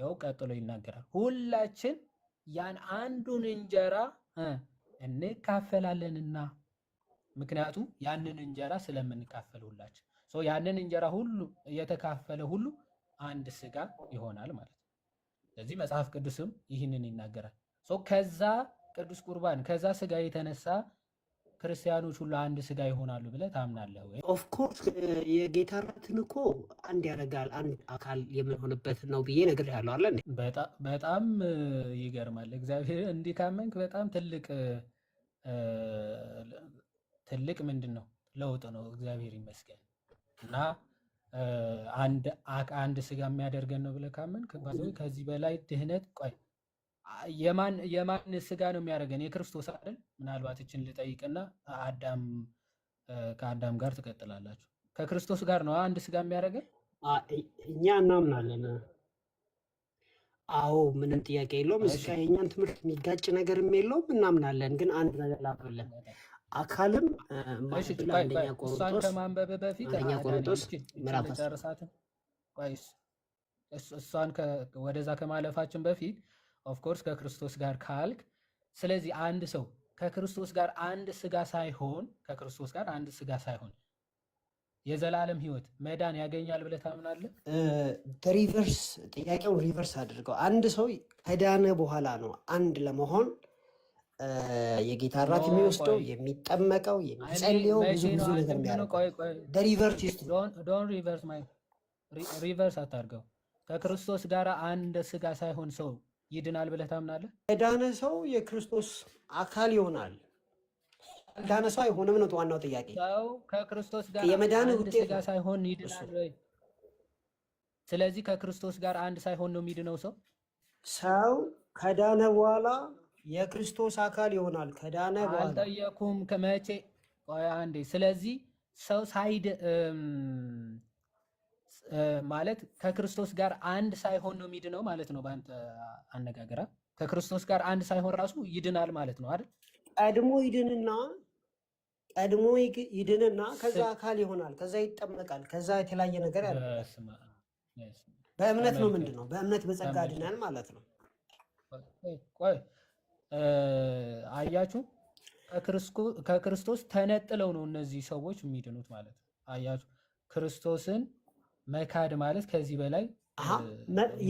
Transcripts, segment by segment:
ያው ቀጥሎ ይናገራል። ሁላችን ያን አንዱን እንጀራ እንካፈላለንና ምክንያቱም ያንን እንጀራ ስለምንካፈል ሁላችን ያንን እንጀራ ሁሉ የተካፈለ ሁሉ አንድ ስጋ ይሆናል ማለት ነው። ስለዚህ መጽሐፍ ቅዱስም ይህንን ይናገራል። ከዛ ቅዱስ ቁርባን ከዛ ስጋ የተነሳ ክርስቲያኖች ሁሉ አንድ ስጋ ይሆናሉ ብለህ ታምናለህ ወይ? ኦፍኮርስ የጌታ እራትን እኮ አንድ ያደርጋል አንድ አካል የምንሆንበት ነው ብዬ ነገር ነግሬሃለሁ አለ። በጣም ይገርማል። እግዚአብሔር እንዲህ ካመንክ በጣም ትልቅ ትልቅ ምንድን ነው ለውጥ ነው። እግዚአብሔር ይመስገን እና አንድ ስጋ የሚያደርገን ነው ብለህ ካመንክ ከዚህ በላይ ድህነት ቆይ የማን ስጋ ነው የሚያደርገን? የክርስቶስ አይደል? ምናልባት እችን ልጠይቅና አዳም ከአዳም ጋር ትቀጥላላችሁ። ከክርስቶስ ጋር ነው አንድ ስጋ የሚያደርገን። እኛ እናምናለን። አዎ፣ ምንም ጥያቄ የለውም። እዚህ የእኛን ትምህርት የሚጋጭ ነገርም የለውም። እናምናለን። ግን አንድ ነገር ላብለን አካልም እሷን ከማንበብ በፊት ቆሮንቶስ እሷን ወደዛ ከማለፋችን በፊት ኦፍኮርስ ከክርስቶስ ጋር ካልክ፣ ስለዚህ አንድ ሰው ከክርስቶስ ጋር አንድ ስጋ ሳይሆን ከክርስቶስ ጋር አንድ ስጋ ሳይሆን የዘላለም ህይወት መዳን ያገኛል ብለህ ታምናለህ? ሪቨርስ ጥያቄው ሪቨርስ አድርገው። አንድ ሰው ከዳነ በኋላ ነው አንድ ለመሆን የጌታ እራት የሚወስደው የሚጠመቀው የሚጸልየው ብዙ ብዙ ነገር ሪቨርስ አታድርገው። ከክርስቶስ ጋር አንድ ስጋ ሳይሆን ሰው ይድናል ብለህ ታምናለህ? የዳነ ሰው የክርስቶስ አካል ይሆናል። ያልዳነ ሰው አይሆንም ነው ዋናው ጥያቄ። ሰው ከክርስቶስ ጋር የመዳን ውጤት ሳይሆን ይድናል። ስለዚህ ከክርስቶስ ጋር አንድ ሳይሆን ነው የሚድነው ሰው ሰው ከዳነ በኋላ የክርስቶስ አካል ይሆናል። ከዳነ በኋላ አልጠየኩም ከመቼ ቆይ አንዴ። ስለዚህ ሰው ሳይድ ማለት ከክርስቶስ ጋር አንድ ሳይሆን ነው የሚድነው ማለት ነው። በአንተ አነጋገራ ከክርስቶስ ጋር አንድ ሳይሆን ራሱ ይድናል ማለት ነው አይደል? ቀድሞ ይድንና ቀድሞ ይድንና ከዛ አካል ይሆናል፣ ከዛ ይጠመቃል፣ ከዛ የተለያየ ነገር ያለ በእምነት ነው። ምንድን ነው በእምነት በጸጋ ድናል ማለት ነው። ቆይ አያችሁ፣ ከክርስቶስ ተነጥለው ነው እነዚህ ሰዎች የሚድኑት ማለት ነው። አያችሁ ክርስቶስን መካድ ማለት ከዚህ በላይ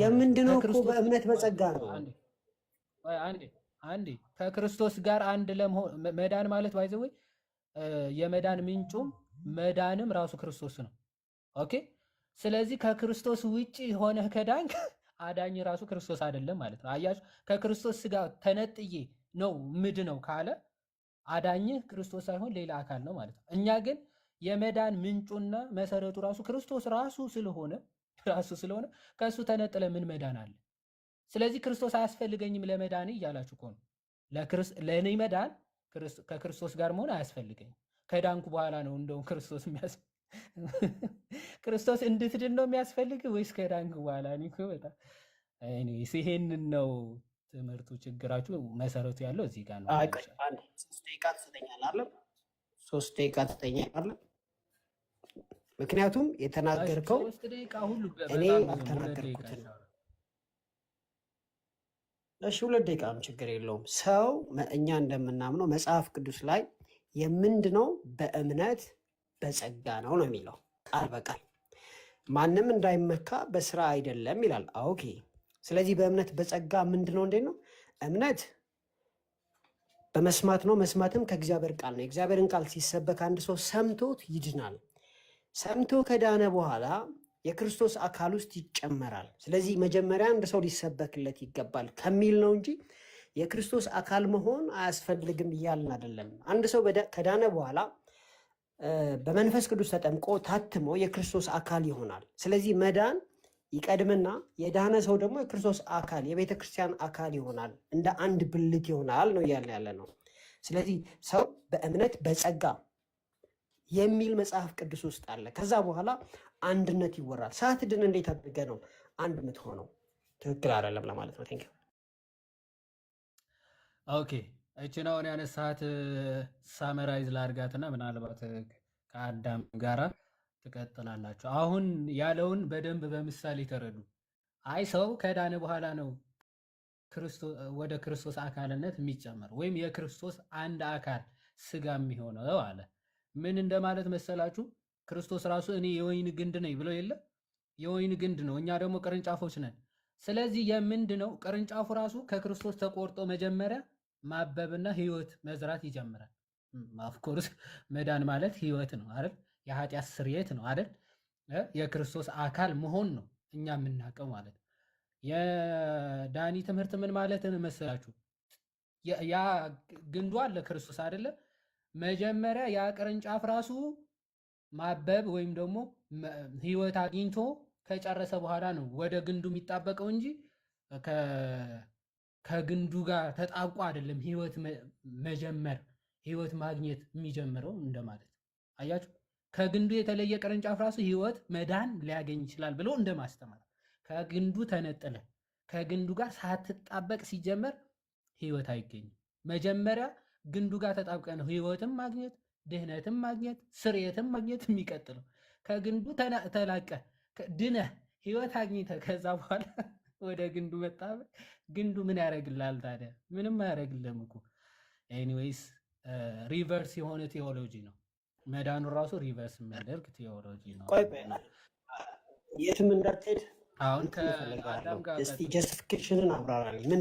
የምንድነው እኮ በእምነት በጸጋ ነው። አንዴ ከክርስቶስ ጋር አንድ ለመሆን መዳን ማለት ባይዘወይ የመዳን ምንጩም መዳንም ራሱ ክርስቶስ ነው። ኦኬ ስለዚህ ከክርስቶስ ውጪ ሆነ ከዳንክ አዳኝ ራሱ ክርስቶስ አይደለም ማለት ነው። አያችሁ ከክርስቶስ ጋር ተነጥዬ ነው ምድ ነው ካለ አዳኝህ ክርስቶስ ሳይሆን ሌላ አካል ነው ማለት ነው። እኛ ግን የመዳን ምንጩና መሰረቱ ራሱ ክርስቶስ ራሱ ስለሆነ ራሱ ስለሆነ ከእሱ ተነጥለ ምን መዳን አለ? ስለዚህ ክርስቶስ አያስፈልገኝም ለመዳን እያላችሁ እኮ ነው። ለእኔ መዳን ከክርስቶስ ጋር መሆን አያስፈልገኝም። ከዳንኩ በኋላ ነው እንደውም ክርስቶስ የሚያስ ክርስቶስ እንድትድን ነው የሚያስፈልግ ወይስ ከዳንኩ በኋላ? በጣም ይሄንን ነው ትምህርቱ። ችግራችሁ መሰረቱ ያለው እዚህ ጋር ነው። ሶስት ደቂቃ ትሰጠኛለህ? ሶስት ደቂቃ ትሰጠኛለህ? ምክንያቱም የተናገርከው እኔ አልተናገርኩትን። እሺ ሁለት ደቂቃም ችግር የለውም። ሰው እኛ እንደምናምነው መጽሐፍ ቅዱስ ላይ የምንድነው በእምነት በጸጋ ነው ነው የሚለው በቃል ማንም እንዳይመካ በስራ አይደለም ይላል። ኦኬ። ስለዚህ በእምነት በጸጋ ምንድነው? እንዴት ነው እምነት በመስማት ነው። መስማትም ከእግዚአብሔር ቃል ነው። የእግዚአብሔርን ቃል ሲሰበክ አንድ ሰው ሰምቶት ይድናል። ሰምቶ ከዳነ በኋላ የክርስቶስ አካል ውስጥ ይጨመራል። ስለዚህ መጀመሪያ አንድ ሰው ሊሰበክለት ይገባል ከሚል ነው እንጂ የክርስቶስ አካል መሆን አያስፈልግም እያልን አይደለም። አንድ ሰው ከዳነ በኋላ በመንፈስ ቅዱስ ተጠምቆ ታትሞ የክርስቶስ አካል ይሆናል። ስለዚህ መዳን ይቀድምና የዳነ ሰው ደግሞ የክርስቶስ አካል የቤተ ክርስቲያን አካል ይሆናል። እንደ አንድ ብልት ይሆናል ነው እያለ ያለ ነው። ስለዚህ ሰው በእምነት በጸጋ የሚል መጽሐፍ ቅዱስ ውስጥ አለ። ከዛ በኋላ አንድነት ይወራል። ሳትድን እንዴት አድርገህ ነው አንድ የምትሆነው? ትክክል አይደለም ለማለት ነው። ቴንኪው ኦኬ። እችን አሁን ሰዓት ሳመራይዝ ላድርጋትና ምናልባት ከአዳም ጋራ ትቀጥላላችሁ። አሁን ያለውን በደንብ በምሳሌ ተረዱ። አይ ሰው ከዳነ በኋላ ነው ወደ ክርስቶስ አካልነት የሚጨመር ወይም የክርስቶስ አንድ አካል ስጋ የሚሆነው አለ። ምን እንደማለት መሰላችሁ? ክርስቶስ ራሱ እኔ የወይን ግንድ ነኝ ብሎ የለ የወይን ግንድ ነው፣ እኛ ደግሞ ቅርንጫፎች ነን። ስለዚህ የምንድ ነው ቅርንጫፉ ራሱ ከክርስቶስ ተቆርጦ መጀመሪያ ማበብና ህይወት መዝራት ይጀምራል። ኦፍኮርስ መዳን ማለት ህይወት ነው አይደል? የኃጢአት ስርየት ነው አይደል? የክርስቶስ አካል መሆን ነው እኛ የምናውቀው ማለት ነው። የዳኒ ትምህርት ምን ማለት መሰላችሁ? ያ ግንዱ አለ ክርስቶስ አይደለም መጀመሪያ ያ ቅርንጫፍ ራሱ ማበብ ወይም ደግሞ ህይወት አግኝቶ ከጨረሰ በኋላ ነው ወደ ግንዱ የሚጣበቀው እንጂ ከግንዱ ጋር ተጣብቆ አይደለም ህይወት መጀመር ህይወት ማግኘት የሚጀምረው እንደማለት አያችሁ። ከግንዱ የተለየ ቅርንጫፍ ራሱ ህይወት መዳን ሊያገኝ ይችላል ብሎ እንደማስተማር ከግንዱ ተነጥለ ከግንዱ ጋር ሳትጣበቅ ሲጀመር ህይወት አይገኝም መጀመሪያ ግንዱ ጋር ተጣብቀ ነው ህይወትም ማግኘት ድህነትም ማግኘት ስርየትም ማግኘት የሚቀጥለው። ከግንዱ ተላቀ ድነህ ህይወት አግኝተ ከዛ በኋላ ወደ ግንዱ መጣ። ግንዱ ምን ያደረግልሃል ታዲያ? ምንም አያደረግልም እኮ። ኤኒዌይስ ሪቨርስ የሆነ ቴዎሎጂ ነው። መዳኑ ራሱ ሪቨርስ የሚያደርግ ቴዎሎጂ ነው። የትም እንዳትሄድ አሁን ከአዳም ጋር ጀስቲፊኬሽንን አብራራልኝ። ምን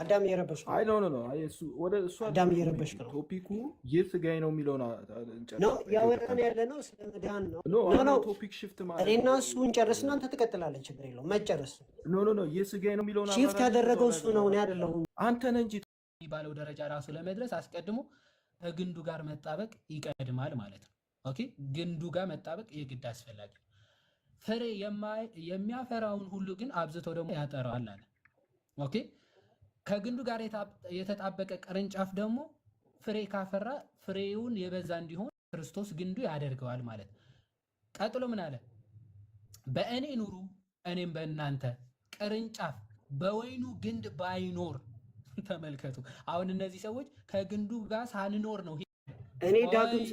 አዳም እየረበሽ አይ ኖ ኖ ኖ እሱ ወደ እሱ አዳም እየረበሽ ነው። ቶፒኩ ይህ ስጋዬ ነው የሚለው ነው ነው ያወራን ያለ ነው። ስለ መዳን ነው። ኖ ኖ ቶፒክ ሺፍት ማለት ነው። እኔና እሱ እንጨርስና አንተ ትቀጥላለህ። ችግር የለውም መጨረስ። ኖ ኖ ኖ ይህ ስጋዬ ነው የሚለው ነው። ሺፍት ያደረገው እሱ ነው፣ እኔ አይደለሁም። አንተ ነህ እንጂ የሚባለው ደረጃ ራሱ ለመድረስ አስቀድሞ ከግንዱ ጋር መጣበቅ ይቀድማል ማለት ነው። ኦኬ ግንዱ ጋር መጣበቅ የግድ አስፈላጊ ነው። ፍሬ የሚያፈራውን ሁሉ ግን አብዝቶ ደግሞ ያጠራዋል አለ። ኦኬ ከግንዱ ጋር የተጣበቀ ቅርንጫፍ ደግሞ ፍሬ ካፈራ ፍሬውን የበዛ እንዲሆን ክርስቶስ ግንዱ ያደርገዋል ማለት ነው። ቀጥሎ ምን አለ? በእኔ ኑሩ እኔም በእናንተ ቅርንጫፍ በወይኑ ግንድ ባይኖር ተመልከቱ። አሁን እነዚህ ሰዎች ከግንዱ ጋር ሳንኖር ነው እኔ ዳግም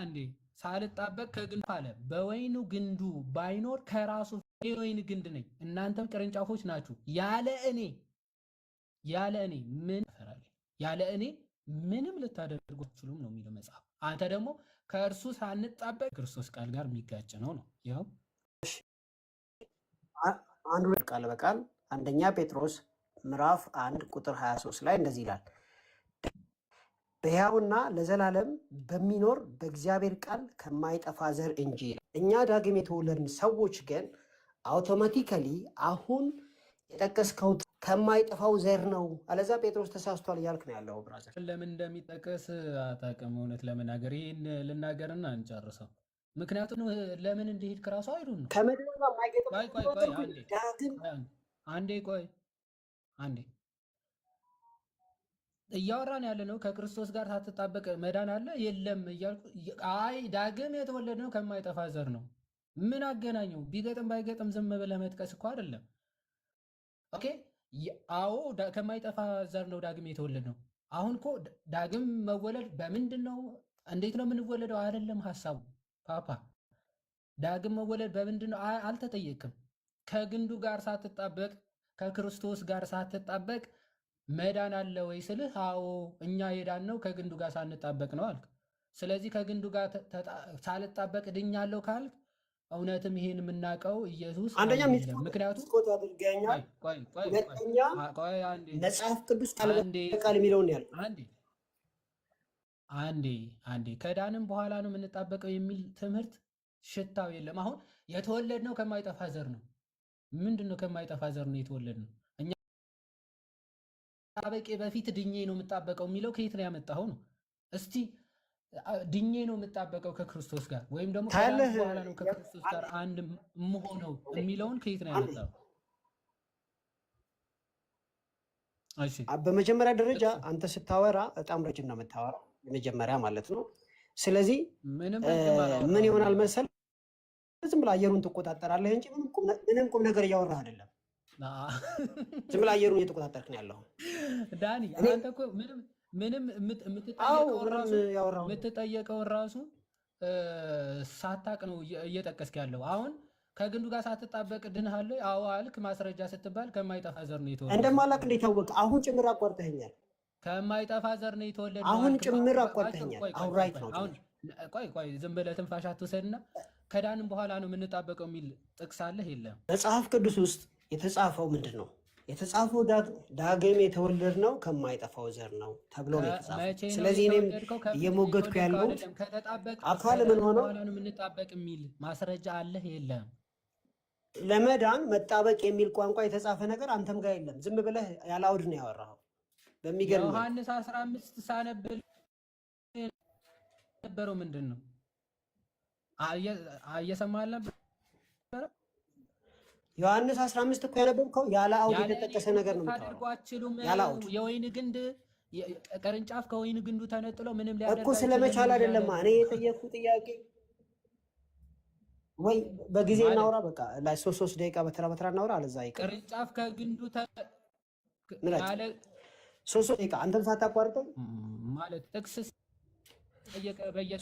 አንዴ ሳልጣበቅ ከግንዱ አለ በወይኑ ግንዱ ባይኖር ከራሱ የወይን ግንድ ነኝ እናንተም ቅርንጫፎች ናችሁ ያለ እኔ ያለ እኔ ምን ፈራል ያለ እኔ ምንም ልታደርጉ አትችሉም ነው የሚለው መጽሐፍ። አንተ ደግሞ ከእርሱ ሳንጣበቅ ክርስቶስ ቃል ጋር የሚጋጭ ነው ነው ይኸው አንዱ ቃል በቃል አንደኛ ጴጥሮስ ምዕራፍ አንድ ቁጥር 23 ላይ እንደዚህ ይላል፣ በሕያውና ለዘላለም በሚኖር በእግዚአብሔር ቃል ከማይጠፋ ዘር እንጂ። እኛ ዳግም የተወለድን ሰዎች ግን አውቶማቲካሊ አሁን የጠቀስከው ከማይጠፋው ዘር ነው፣ አለዛ ጴጥሮስ ተሳስቷል እያልክ ነው ያለው። ብራዘር ለምን እንደሚጠቀስ አታውቅም። እውነት ለመናገር ይህን ልናገርና እንጨርሰው። ምክንያቱም ለምን እንደሄድክ ራሱ አይሉን ነው። አንዴ ቆይ፣ አንዴ እያወራን ያለ ነው ከክርስቶስ ጋር ሳትጣበቅ መዳን አለ የለም እያልኩ አይ ዳግም ነው ከማይጠፋ ዘር ነው። ምን አገናኘው? ቢገጥም ባይገጥም ዝም ብለህ መጥቀስ እኮ አይደለም ኦኬ አዎ ከማይጠፋ ዘር ነው ዳግም የተወለድ ነው። አሁን እኮ ዳግም መወለድ በምንድን ነው? እንዴት ነው የምንወለደው? አይደለም ሀሳቡ ፓፓ ዳግም መወለድ በምንድን ነው አልተጠየቅም። ከግንዱ ጋር ሳትጣበቅ ከክርስቶስ ጋር ሳትጣበቅ መዳን አለ ወይ ስልህ፣ አዎ እኛ የዳን ነው ከግንዱ ጋር ሳንጣበቅ ነው አልክ። ስለዚህ ከግንዱ ጋር ሳልጣበቅ ድኛለሁ ካልክ እውነትም ይሄን የምናውቀው ኢየሱስ አንደኛ ምክንያቱም ስኮት አድርገኛል፣ ሁለተኛ መጽሐፍ ቅዱስ ቃል የሚለውን ያል አንዴ አንዴ ከዳንም በኋላ ነው የምንጣበቀው የሚል ትምህርት ሽታው የለም። አሁን የተወለድ ነው ከማይጠፋ ዘር ነው። ምንድን ነው ከማይጠፋ ዘር ነው የተወለድ ነው። እኛ ጣበቄ በፊት ድኜ ነው የምጣበቀው የሚለው ከየት ነው ያመጣኸው ነው እስቲ ድኜ ነው የምጣበቀው ከክርስቶስ ጋር ወይም ደግሞ በኋላ ነው ከክርስቶስ ጋር አንድ የምሆነው የሚለውን ከየት ነው ያመጣው? በመጀመሪያ ደረጃ አንተ ስታወራ በጣም ረጅም ነው የምታወራው፣ የመጀመሪያ ማለት ነው። ስለዚህ ምን ይሆናል መሰል ዝም ብለህ አየሩን ትቆጣጠራለህ እንጂ ምንም ቁም ነገር እያወራ አይደለም። ዝም ብለህ አየሩን እየተቆጣጠርክ ነው ያለው ዳኒ። አንተ እኮ ምንም ምንም የምትጠየቀውን ራሱ ሳታቅ ነው እየጠቀስክ ያለው። አሁን ከግንዱ ጋር ሳትጣበቅ ድንሃለ አዎ አልክ። ማስረጃ ስትባል ከማይጠፋ ዘር ነው የተወለደ እንደማላቅ እንደታወቀ አሁን ጭምር አቋርጠኛል። ከማይጠፋ ዘር ነው የተወለደ አሁን ጭምር አቋርጠኛል። ቆይ ቆይ ዝም ብለህ ትንፋሽ አትውሰድና ከዳንም በኋላ ነው የምንጣበቀው የሚል ጥቅስ አለህ? የለም መጽሐፍ ቅዱስ ውስጥ የተጻፈው ምንድን ነው? የተጻፈው ዳግም የተወለድ ነው ከማይጠፋው ዘር ነው ተብሎ ነው የተጻፈው። ስለዚህ እኔም እየሞገድኩ ያለሁት አካል ምን ሆነው ምንጣበቅ የሚል ማስረጃ አለህ? የለም። ለመዳን መጣበቅ የሚል ቋንቋ የተጻፈ ነገር አንተም ጋር የለም። ዝም ብለህ ያላውድ ነው ያወራኸው። በሚገርም ዮሐንስ 15 ሳነብል ነበረው ምንድን ነው እየሰማ አልነበረ ዮሐንስ 15 እኮ ያነበብከው ያለ አውድ የተጠቀሰ ነገር ነው። ያለ የወይን ግንድ ቅርንጫፍ ከወይን ግንዱ ተነጥሎ ምንም ሊያደርግ እኮ ስለመቻል አይደለም። እኔ የጠየቅኩ ጥያቄ ወይ በጊዜ እናውራ። በቃ ላይ ሶስት ሶስት ደቂቃ በተራ በተራ እናውራ። አለዛ ይቀር ቅርንጫፍ ከግንዱ ተ ሶስት ሶስት ደቂቃ አንተም ሳታቋርጠው ማለት ጥቅስ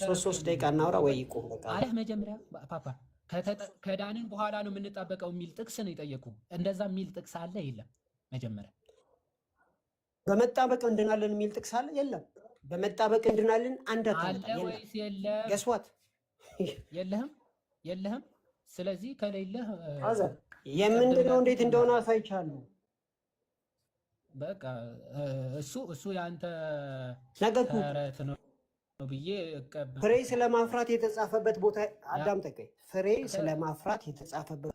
ሶስት ሶስት ደቂቃ እናውራ ወይ ይቆም በቃ አለህ መጀመሪያ ፓፓ ከዳንን በኋላ ነው የምንጣበቀው የሚል ጥቅስ ነው የጠየቁ። እንደዛ የሚል ጥቅስ አለ የለም? መጀመሪያ በመጣበቅ እንድናለን የሚል ጥቅስ አለ የለም? በመጣበቅ እንድናለን አንድ አለ ወይስ የለም? ገስዋት የለህም፣ የለህም። ስለዚህ ከሌለህ የምንድነው እንዴት እንደሆነ አሳይቻለሁ። በቃ እሱ እሱ የአንተ ነገርኩህ። ብዬ ፍሬ ስለማፍራት የተጻፈበት ቦታ አዳም ጠቀኝ። ፍሬ ስለማፍራት የተጻፈበት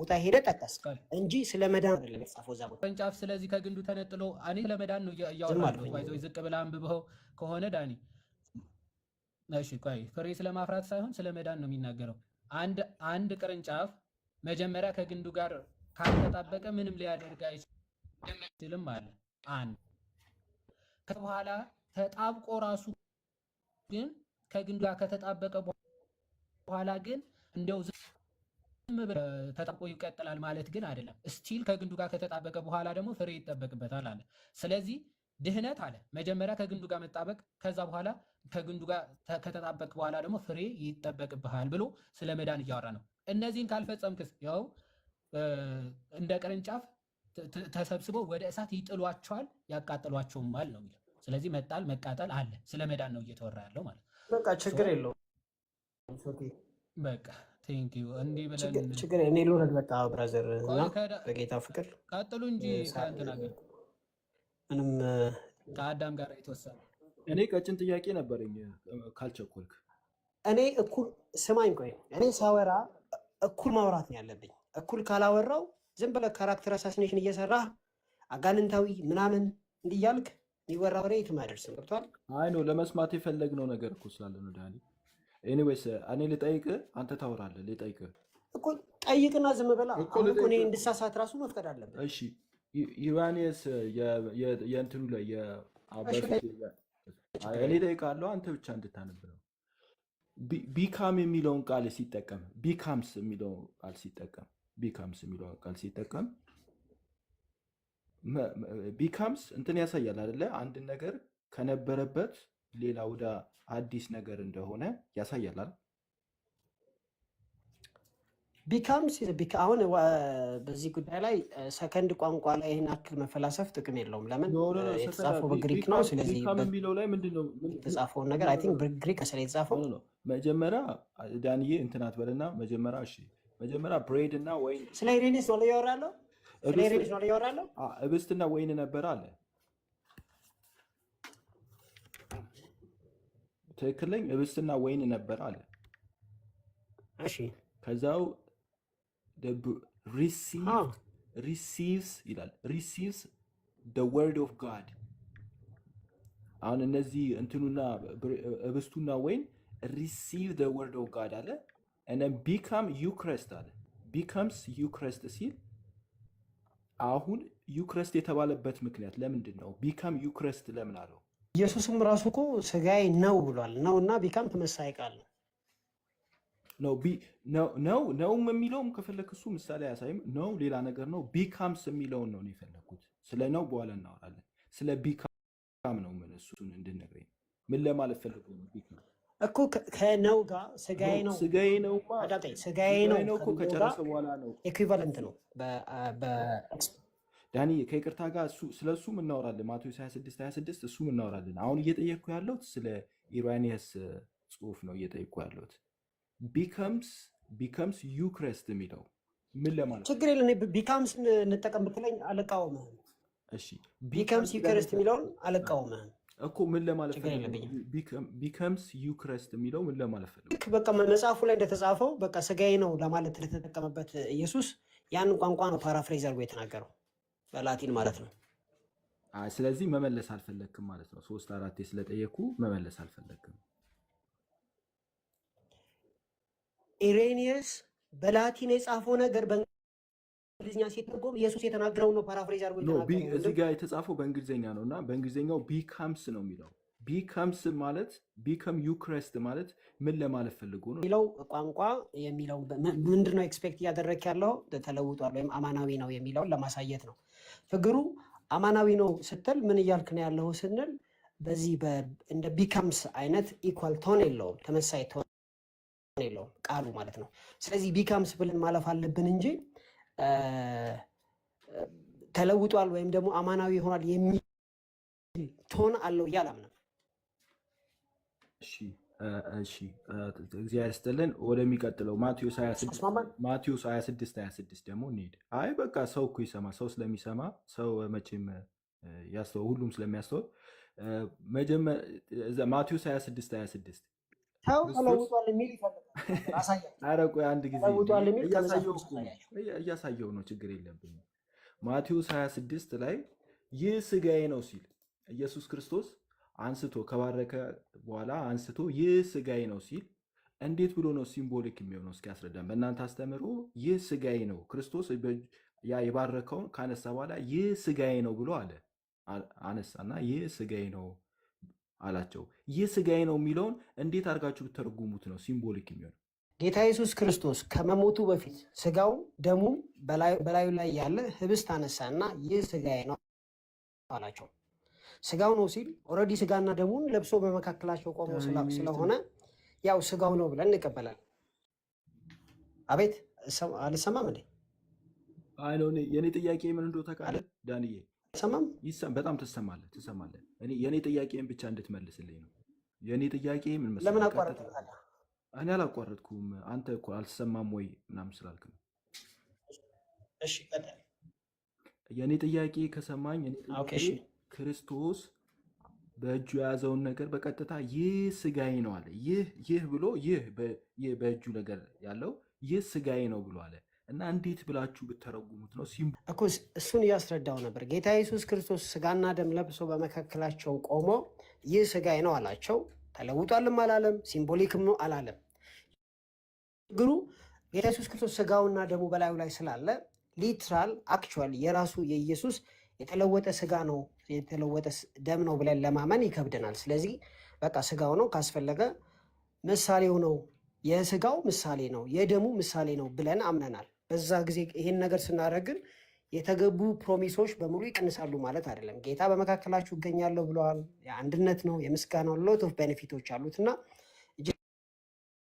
ቦታ ሄደ ጠቀስ እንጂ ስለ መዳን አይደለም ቅርንጫፍ። ስለዚህ ከግንዱ ተነጥሎ እኔ ስለ መዳን ነው እያወራለሁ። ዝቅ ብለህ አንብበው ከሆነ ዳኒ፣ እሺ ቆይ፣ ፍሬ ስለማፍራት ሳይሆን ስለ መዳን ነው የሚናገረው። አንድ አንድ ቅርንጫፍ መጀመሪያ ከግንዱ ጋር ካልተጣበቀ ምንም ሊያደርግ አይችልም አለ። አንድ ከበኋላ ተጣብቆ ራሱ ግን ከግንዱ ጋር ከተጣበቀ በኋላ ግን እንደው ተጣብቆ ይቀጥላል ማለት ግን አይደለም። ስቲል ከግንዱ ጋር ከተጣበቀ በኋላ ደግሞ ፍሬ ይጠበቅበታል አለ። ስለዚህ ድህነት አለ መጀመሪያ ከግንዱ ጋር መጣበቅ፣ ከዛ በኋላ ከግንዱ ጋር ከተጣበቅ በኋላ ደግሞ ፍሬ ይጠበቅብሃል ብሎ ስለ መዳን እያወራ ነው። እነዚህን ካልፈጸምክስ ያው እንደ ቅርንጫፍ ተሰብስበው ወደ እሳት ይጥሏቸዋል፣ ያቃጥሏቸውማል ነው የሚለው ስለዚህ መጣል መቃጠል አለ። ስለ መዳን ነው እየተወራ ያለው ማለት ነው። በቃ ችግር የለውም። በቃ ቴንክ ዩ እንዲህ ብለን ችግር እኔ ልውረድ። በቃ ብራዘር እና በጌታ ፍቅር ቀጥሉ እንጂ ከእንትና ምንም ከአዳም ጋር የተወሰነ እኔ ቀጭን ጥያቄ ነበረኝ ካልቸኮልክ። እኔ እኩል ስማኝ፣ ቆይ እኔ ሳወራ እኩል ማውራት ነው ያለብኝ። እኩል ካላወራው ዝም ብለህ ካራክተር አሳሲኔሽን እየሰራህ አጋንንታዊ ምናምን እንዲያልክ ይወራ ወሬ የትም አደርስም። ገብቷል። አይ ነው ለመስማት የፈለግነው ነገር እኮ ስላለ ነው ዳኒ። ኤኒዌይስ እኔ ልጠይቅ፣ አንተ ታወራለህ። ልጠይቅ እኮ ጠይቅና ዝም በላ። አሁን እኮ እኔ እንድሳሳት ራሱ መፍቀድ አለብን። እሺ ዮሐንስ የእንትኑ ላይ እኔ ጠይቃለሁ፣ አንተ ብቻ እንድታነብ ቢካም የሚለውን ቃል ሲጠቀም ቢካምስ የሚለውን ቃል ሲጠቀም ቢካምስ የሚለውን ቃል ሲጠቀም ቢካምስ እንትን ያሳያል አይደለ? አንድን ነገር ከነበረበት ሌላ ወደ አዲስ ነገር እንደሆነ ያሳያል። ቢካምስ አሁን በዚህ ጉዳይ ላይ ሰከንድ ቋንቋ ላይ ይህን አክል መፈላሰፍ ጥቅም የለውም። ለምን የተጻፈው በግሪክ ነው። ስለዚህ የሚለው ላይ ምንድነው የተጻፈውን ነገር አይ ቲንክ በግሪክ ስለ የተጻፈው መጀመሪያ ዳንዬ እንትናት በልና መጀመሪያ እሺ፣ መጀመሪያ ብሬድ እና ወይ ስለ ሬኒስ ነው ያወራለው እብስትና ወይን ነበረ አለ። ትክክለኝ እብስትና ወይን ነበረ አለ። ከዛው ሪሲቭስ ይላል። ሪሲቭስ ደ ወርድ ኦፍ ጋድ። አሁን እነዚህ እንትኑና እብስቱና ወይን ሪሲቭ ደ ወርድ ኦፍ ጋድ አለ። ቢካም ዩክረስት አለ። ቢካምስ ዩክረስት ሲል አሁን ዩክረስት የተባለበት ምክንያት ለምንድን ነው? ቢካም ዩክረስት ለምን አለው? ኢየሱስም ራሱ እኮ ስጋዬ ነው ብሏል። ነው እና ቢካም ተመሳሳይ ቃል ነው ነው ነውም የሚለውም ከፈለክ እሱ ምሳሌ አያሳይም። ነው ሌላ ነገር ነው። ቢካምስ የሚለውን ነው የፈለግኩት። ስለ ነው በኋላ እናወራለን። ስለ ቢካም ነው ምን እሱን እንድነግረኝ ምን ለማለት ፈልጎ ነው ቢካም እኮ ከነው ጋር ስጋዬ ነው ስጋዬ ነው ስጋዬ ነው እኮ ከጨረሰ በኋላ ነው ኤኩቫለንት ነው። ዳኒ ከይቅርታ ጋር ስለ እሱ እናወራለን። ማቴዎስ 26 26 እሱ እናወራለን። አሁን እየጠየቅኩ ያለሁት ስለ ኢራኒየስ ጽሁፍ ነው እየጠየቅኩ ያለሁት። ቢከምስ ቢከምስ ዩክረስት የሚለው ምን ለማለት ችግር የለ ቢካምስ እንጠቀም ብትለኝ አልቃወምህም። ቢከምስ ዩክረስት የሚለውን አልቃወምህም እኮ ምን ለማለት ቢከምስ ዩክረስት የሚለው ምን ለማለት ፈልገው? በቃ መጽሐፉ ላይ እንደተጻፈው በቃ ስጋዬ ነው ለማለት እንደተጠቀመበት ኢየሱስ ያንን ቋንቋ ነው ፓራፍሬዝ አድርጎ የተናገረው በላቲን ማለት ነው። ስለዚህ መመለስ አልፈለግክም ማለት ነው። ሶስት አራቴ ስለጠየኩ መመለስ አልፈለግክም። ኢሬኒየስ በላቲን የጻፈው ነገር እንግሊዝኛ ሲተርጎም ኢየሱስ የተናገረው ነው። ፓራፍሬዝ አድርጎ እዚህ ጋር የተጻፈው በእንግሊዝኛ ነው እና በእንግሊዝኛው ቢካምስ ነው የሚለው ቢካምስ ማለት ቢከም ዩክሬስት ማለት ምን ለማለት ፈልጎ ነው የሚለው ቋንቋ የሚለው ምንድን ነው ኤክስፔክት እያደረግ ያለው ተለውጧል፣ ወይም አማናዊ ነው የሚለውን ለማሳየት ነው። ችግሩ አማናዊ ነው ስትል ምን እያልክ ነው ያለው ስንል በዚህ እንደ ቢካምስ አይነት ኢኳል ቶን የለውም፣ ተመሳይ ቶን የለውም ቃሉ ማለት ነው። ስለዚህ ቢካምስ ብለን ማለፍ አለብን እንጂ ተለውጧል ወይም ደግሞ አማናዊ ይሆናል የሚል ቶን አለው ብዬ አላምንም። እሺ እግዚአብሔር ይስጥልን። ወደሚቀጥለው ማቴዎስ 26 26 ደግሞ እንሄድ። አይ በቃ ሰው እኮ ይሰማ ሰው ስለሚሰማ ሰው መቼም ያስተው ሁሉም ስለሚያስተውል ማቴዎስ 26 26 ተው ተለውጧል የሚል እያሳየው ነው። ችግር የለብኝ። ማቴዎስ 26 ላይ ይህ ስጋዬ ነው ሲል ኢየሱስ ክርስቶስ አንስቶ ከባረከ በኋላ አንስቶ ይህ ስጋዬ ነው ሲል እንዴት ብሎ ነው ሲምቦሊክ የሚሆነው? እስኪ ያስረዳን በእናንተ አስተምሮ። ይህ ስጋዬ ነው ክርስቶስ ያ የባረከውን ካነሳ በኋላ ይህ ስጋዬ ነው ብሎ አለ አነሳና ይህ ስጋዬ ነው አላቸው። ይህ ስጋዬ ነው የሚለውን እንዴት አድርጋችሁ ብተረጉሙት ነው ሲምቦሊክ የሚሆን? ጌታ ኢየሱስ ክርስቶስ ከመሞቱ በፊት ስጋው ደሙ በላዩ ላይ ያለ ህብስት አነሳ ይህ ስጋዬ ነው አላቸው። ስጋው ነው ሲል ኦልሬዲ ስጋና ደሙን ለብሶ በመካከላቸው ቆሞ ስለሆነ ያው ስጋው ነው ብለን እንቀበላለን። አቤት አልሰማም እንዴ? አይ ነው የኔ ጥያቄ ምን እንደው ተቃለ ዳንዬ ሰማም በጣም ትሰማለህ ትሰማለህ። እኔ ጥያቄን ብቻ እንድትመልስልኝ ነው። የእኔ ጥያቄ ምን መሰለህ? ለምን አቋረጥኩህ? እኔ አላቋረጥኩም። አንተ እኮ አልሰማም ወይ ምናምን ስላልክ ነው። እሺ ቀጥል። የኔ ጥያቄ ከሰማኝ፣ ክርስቶስ በእጁ የያዘውን ነገር በቀጥታ ይህ ስጋዬ ነው አለ። ይህ ይህ ብሎ ይህ በእጁ ነገር ያለው ይህ ስጋዬ ነው ብሎ አለ። እና እንዴት ብላችሁ ብተረጉሙት ነው እኮ እሱን እያስረዳው ነበር። ጌታ ኢየሱስ ክርስቶስ ስጋና ደም ለብሶ በመካከላቸው ቆሞ ይህ ስጋዬ ነው አላቸው። ተለውጧልም አላለም፣ ሲምቦሊክም ነው አላለም። ችግሩ ጌታ ኢየሱስ ክርስቶስ ስጋውና ደሙ በላዩ ላይ ስላለ ሊትራል አክቹዋል የራሱ የኢየሱስ የተለወጠ ስጋ ነው የተለወጠ ደም ነው ብለን ለማመን ይከብደናል። ስለዚህ በቃ ስጋው ነው ካስፈለገ ምሳሌው ነው የስጋው ምሳሌ ነው የደሙ ምሳሌ ነው ብለን አምነናል። በዛ ጊዜ ይሄን ነገር ስናደርግን የተገቡ ፕሮሚሶች በሙሉ ይቀንሳሉ ማለት አይደለም። ጌታ በመካከላችሁ እገኛለሁ ብለዋል። የአንድነት ነው፣ የምስጋና ሎት ኦፍ ቤኔፊቶች አሉት እና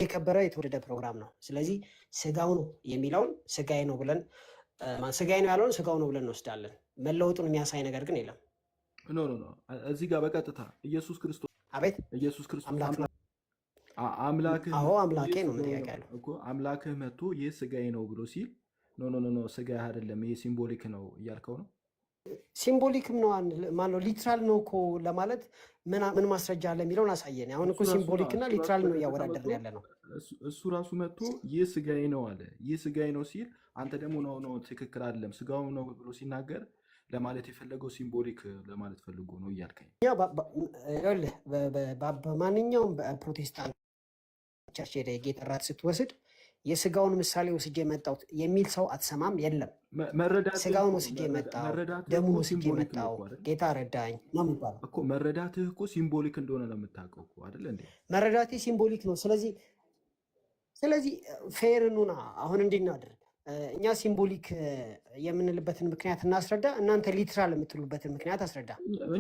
የከበረ የተወደደ ፕሮግራም ነው። ስለዚህ ስጋው ነው የሚለውን ስጋዬ ነው ብለን ስጋዬ ነው ያለውን ስጋው ነው ብለን እንወስዳለን። መለወጡን የሚያሳይ ነገር ግን የለም። ኖ ኖ ኖ እዚህ ጋር በቀጥታ ኢየሱስ ክርስቶስ አቤት ኢየሱስ ክርስቶስ አምላክ አምላኬ ነው ጥያቄ አምላክህ መጥቶ ይህ ስጋዬ ነው ብሎ ሲል ኖ ኖ ኖ ስጋ አይደለም ይሄ ሲምቦሊክ ነው እያልከው ነው። ሲምቦሊክም ነው ማነው ሊትራል ነው እኮ ለማለት ምን ማስረጃ አለ የሚለውን አሳየን። አሁን እኮ ሲምቦሊክ ሊትራል ነው እያወዳደር ያለ ነው። እሱ ራሱ መጥቶ ይህ ስጋዬ ነው አለ። ይህ ስጋዬ ነው ሲል አንተ ደግሞ ነው ነው ትክክል አይደለም ስጋው ነው ብሎ ሲናገር ለማለት የፈለገው ሲምቦሊክ ለማለት ፈልጎ ነው እያልከኝ በማንኛውም በፕሮቴስታንት ቸርች ሄደ የጌጠራት ስትወስድ የስጋውን ምሳሌ ወስጄ መጣው የሚል ሰው አትሰማም። የለም ስጋውን ወስጄ መጣው፣ ደሙን ወስጄ መጣው፣ ጌታ ረዳኝ ነው የሚባለው እኮ። መረዳትህ እኮ ሲምቦሊክ እንደሆነ ነው የምታውቀው አይደል እንዴ? መረዳቴ ሲምቦሊክ ነው። ስለዚህ ስለዚህ ፌር ኑና አሁን እንድናደርግ እኛ ሲምቦሊክ የምንልበትን ምክንያት እናስረዳ፣ እናንተ ሊትራል የምትሉበትን ምክንያት አስረዳ።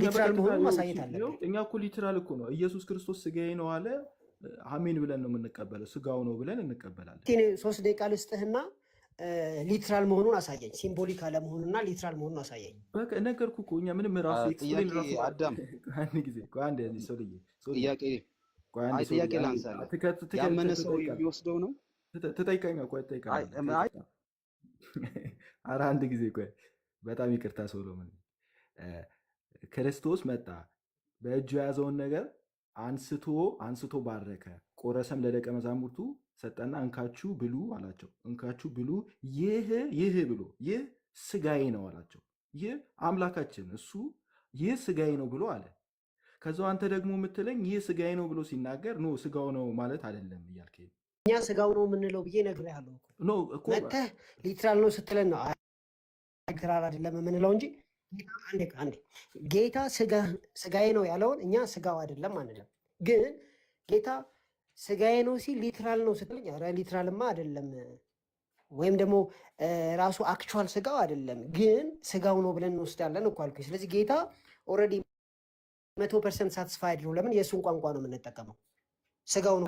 ሊትራል መሆኑ ማሳየት አለ። እኛ እኮ ሊትራል እኮ ነው። ኢየሱስ ክርስቶስ ስጋዬ ነው አለ አሜን ብለን ነው የምንቀበለው። ስጋው ነው ብለን እንቀበላለን። ሶስት ደቂቃ ልስጥህና ሊትራል መሆኑን አሳየኝ። ሲምቦሊክ አለመሆኑና ሊትራል መሆኑን አሳየኝ። ነገርኩህ እኮ እኛ ምንም ራሱ ጥያቄ ያመነ ሰው የሚወስደው ነው። ትጠይቀኛ ቆይ ትጠይቀኛለህ። ኧረ አንድ ጊዜ ቆይ፣ በጣም ይቅርታ ሶሎሞን። ክርስቶስ መጣ በእጁ የያዘውን ነገር አንስቶ አንስቶ ባረከ፣ ቆረሰም ለደቀ መዛሙርቱ ሰጠና እንካችሁ ብሉ አላቸው። እንካችሁ ብሉ፣ ይህ ይህ ብሎ ይህ ስጋዬ ነው አላቸው። ይህ አምላካችን እሱ ይህ ስጋዬ ነው ብሎ አለ። ከዛው አንተ ደግሞ የምትለኝ ይህ ስጋዬ ነው ብሎ ሲናገር ኖ ስጋው ነው ማለት አይደለም እያልክ እኛ ስጋው ነው የምንለው ብዬ ነግሬሃለሁ። መተህ ሊትራል ነው ስትለን ነው ሊትራል አይደለም የምንለው እንጂ ጌታ ስጋዬ ነው ያለውን እኛ ስጋው አይደለም አንለም። ግን ጌታ ስጋዬ ነው ሲል ሊትራል ነው ስትለኝ፣ ኧረ ሊትራልማ አይደለም ወይም ደግሞ ራሱ አክቹዋል ስጋው አይደለም ግን ስጋው ነው ብለን እንወስዳለን እኮ አልኩኝ። ስለዚህ ጌታ ኦልሬዲ መቶ ፐርሰንት ሳትስፋይድ ነው። ለምን የእሱን ቋንቋ ነው የምንጠቀመው? ስጋው ነው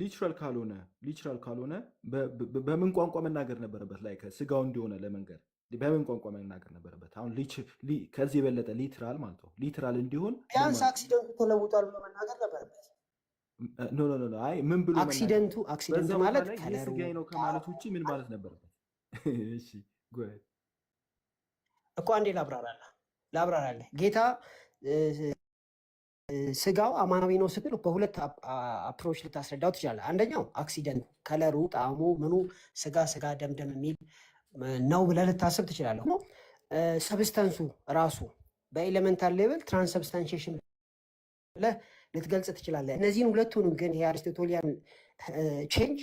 ሊትራል ካልሆነ ሊትራል ካልሆነ በምን ቋንቋ መናገር ነበረበት? ላይ ስጋው እንዲሆነ ለመንገር በምን ቋንቋ መናገር ነበረበት? አሁን ከዚህ የበለጠ ሊትራል ማለት ነው። ሊትራል እንዲሆን ቢያንስ አክሲደንቱ ተለውጧል ብሎ መናገር ነበረበት። ኖ ኖ ኖ፣ አይ ምን ብሎ አክሲደንቱ አክሲደንቱ ማለት ከለሩ ነው ከማለት ውጪ ምን ማለት ነበረበት? እሺ ጉድ እኮ አንዴ ላብራራላ ላብራራለ ጌታ ስጋው አማናዊ ነው ስትል በሁለት አፕሮች ልታስረዳው ትችላለህ። አንደኛው አክሲደንት ከለሩ፣ ጣዕሙ፣ ምኑ ስጋ ስጋ ደምደም የሚል ነው ብለህ ልታስብ ትችላለህ። ሰብስተንሱ ራሱ በኤሌመንታል ሌቨል ትራንስብስታንሽን ብለህ ልትገልጽ ትችላለህ። እነዚህን ሁለቱንም ግን የአሪስቶቶሊያን ቼንጅ